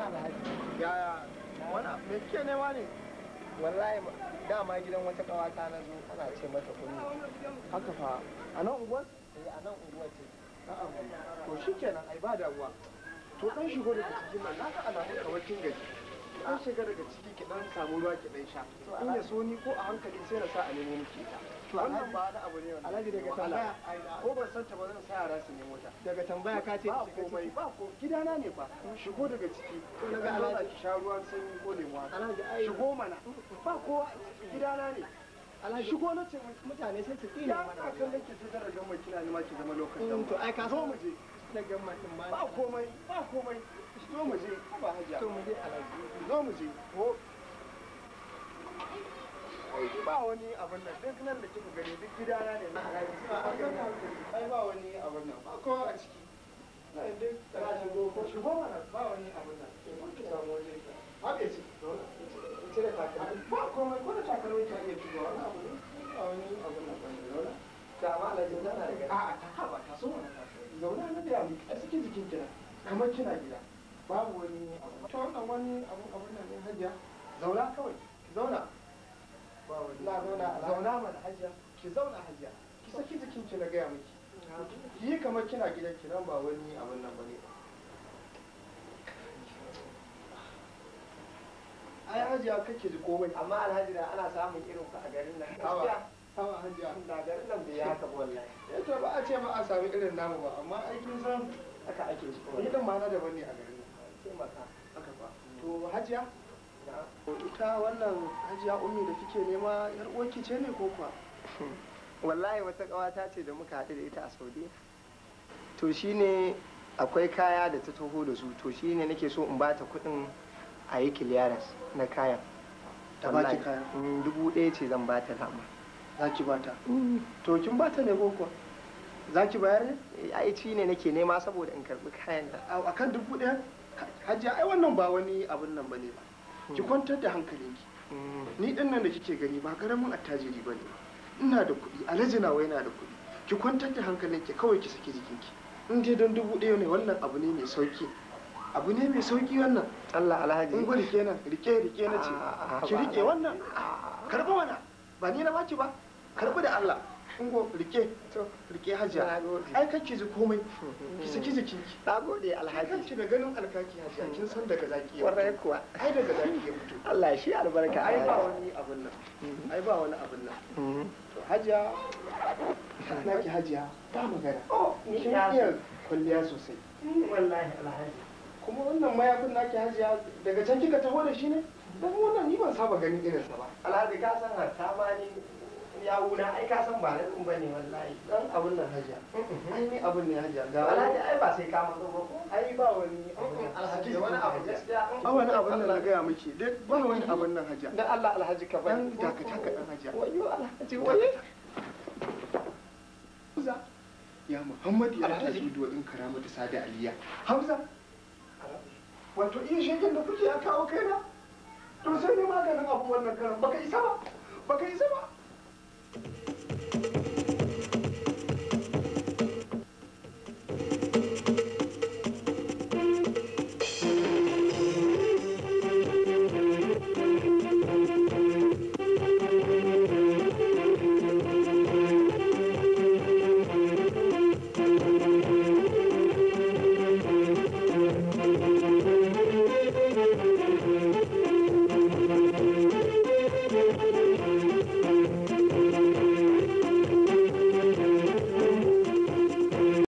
na alhaji yaya wani me ke nema ne wallahi dama gidan wata kawata na zo ana ce mata kunni haka fa a nan unguwar eh, a nan unguwar ce to shikenan ai ba damuwa to dan shigo da cikin nan na ga alamun kawacin gaji an shiga daga ciki ki dan samu ruwa ki dan sha in ya so ni ko a hankali sai na sa a nemo miki ita wannan ba wani abu ne wannan daga tambaya ko ban san ta ba zan sa yara su nemo ta daga tambaya ka ce shiga ciki ba ko gidana ne mm. shigo daga ciki ko ki sha ruwan sanyi ko lemo ai shigo mana ba gidana ne alhaji shigo na ce mutane sai su tsine mana ya ta kina ne ma ki zama lokacin mm, to ai ka so mu je gamma din ba komai ba komai zo mu je ba hajiya to mu je zo mu je ko ba wani abin nan duk nan da kika gani duk gidana ne na haraji ba wani abin nan ba ko a ciki na duk ta shigo ko shigo mana ba wani abin nan ko ki samu waje ba ke ci ki cire takalmi ba komai ko da takalmi ta iya shigo wani abin ba wani abin nan ba ne lola ta amma alhaji tana daga a'a ta haba ta so mana ta so zauna na da a cikin jikin kina kamar kina gida babu wani abu wannan wani abun nan ne hajiya zauna kawai ki zauna na zauna zauna mana hajiya ki zauna hajiya ki saki jikin ki na gaya miki ki yi kamar kina gidan ki nan ba wani abun nan bane ai hajiya kake ji komai amma alhaji na ana samun irin ka a garin nan hajiya hawa hajiya da garin nan bai haka wallahi eh to ba a ce ba a sami irin namu ba amma aikin san haka ake shi kawai gidan ma na daban ne a garin taimaka to hajiya ita wannan hajiya ummi da kike nema yar uwarki ce ne ko kuwa wallahi wata kawata ce da muka haɗu da ita a saudiya to shine akwai kaya da ta taho da su to shine nake so in bata kuɗin a yi na kayan ta kayan mm, dubu ɗaya ce zan bata dama za ki bata mm. to kin bata ne ko kuwa za ki bayar ne eh, ne nake nema saboda in karɓi kayan da a kan dubu ɗaya hajiya ai wannan ba wani abin nan bane ba ki hmm. kwantar da hankalinki hmm. ni din nan da kike gani ba karamin attajiri bane ina da kuɗi alhaji nawa yana da kuɗi ki kwantar da hankalinki kawai ki saki jikinki in dai don dubu ɗaya ne wannan abu ne mai sauki abu ne mai sauki wannan Allah alhaji in gwada kenan rike rike na ce ah, ki rike wannan ah. karbi wana ba ni na baki ba karbi da Allah ungo rike rike hajiya ai kan ki ji komai ki saki jikin ki nagode alhaji kan ki da ganin alkaki hajiya kin san daga zaki kwarai kuwa ai daga zaki ya fito Allah shi albarka ai ba wani abun nan mm-hmm. ai ba wani abun nan mm-hmm. to hajiya naki hajiya ba magana oh, kin iya kwalliya sosai mm, wallahi alhaji kuma wannan mayafin naki hajiya daga can kika taho da shi ne dan wannan ni ban saba ganin irinsa ba alhaji ka san hatta ma ni yawuna ai ka san ba lalun ba ne wallahi dan abun nan hajiya ai ni abun ne hajiya ga alhaji ai ba sai ka mazo ba ko ai ba wani alhaji da wani abu gaskiya wani abun nan na gaya miki duk ba wani abun nan hajiya dan Allah alhaji ka bani dan dakata ka dan hajiya wayo alhaji wayo Hamza ya Muhammad ya ta zuwa in karamata sada aliya Hamza wato iya shegen da kuke a kawo kaina to sai ne maganin abu wannan karan baka isa ba baka isa ba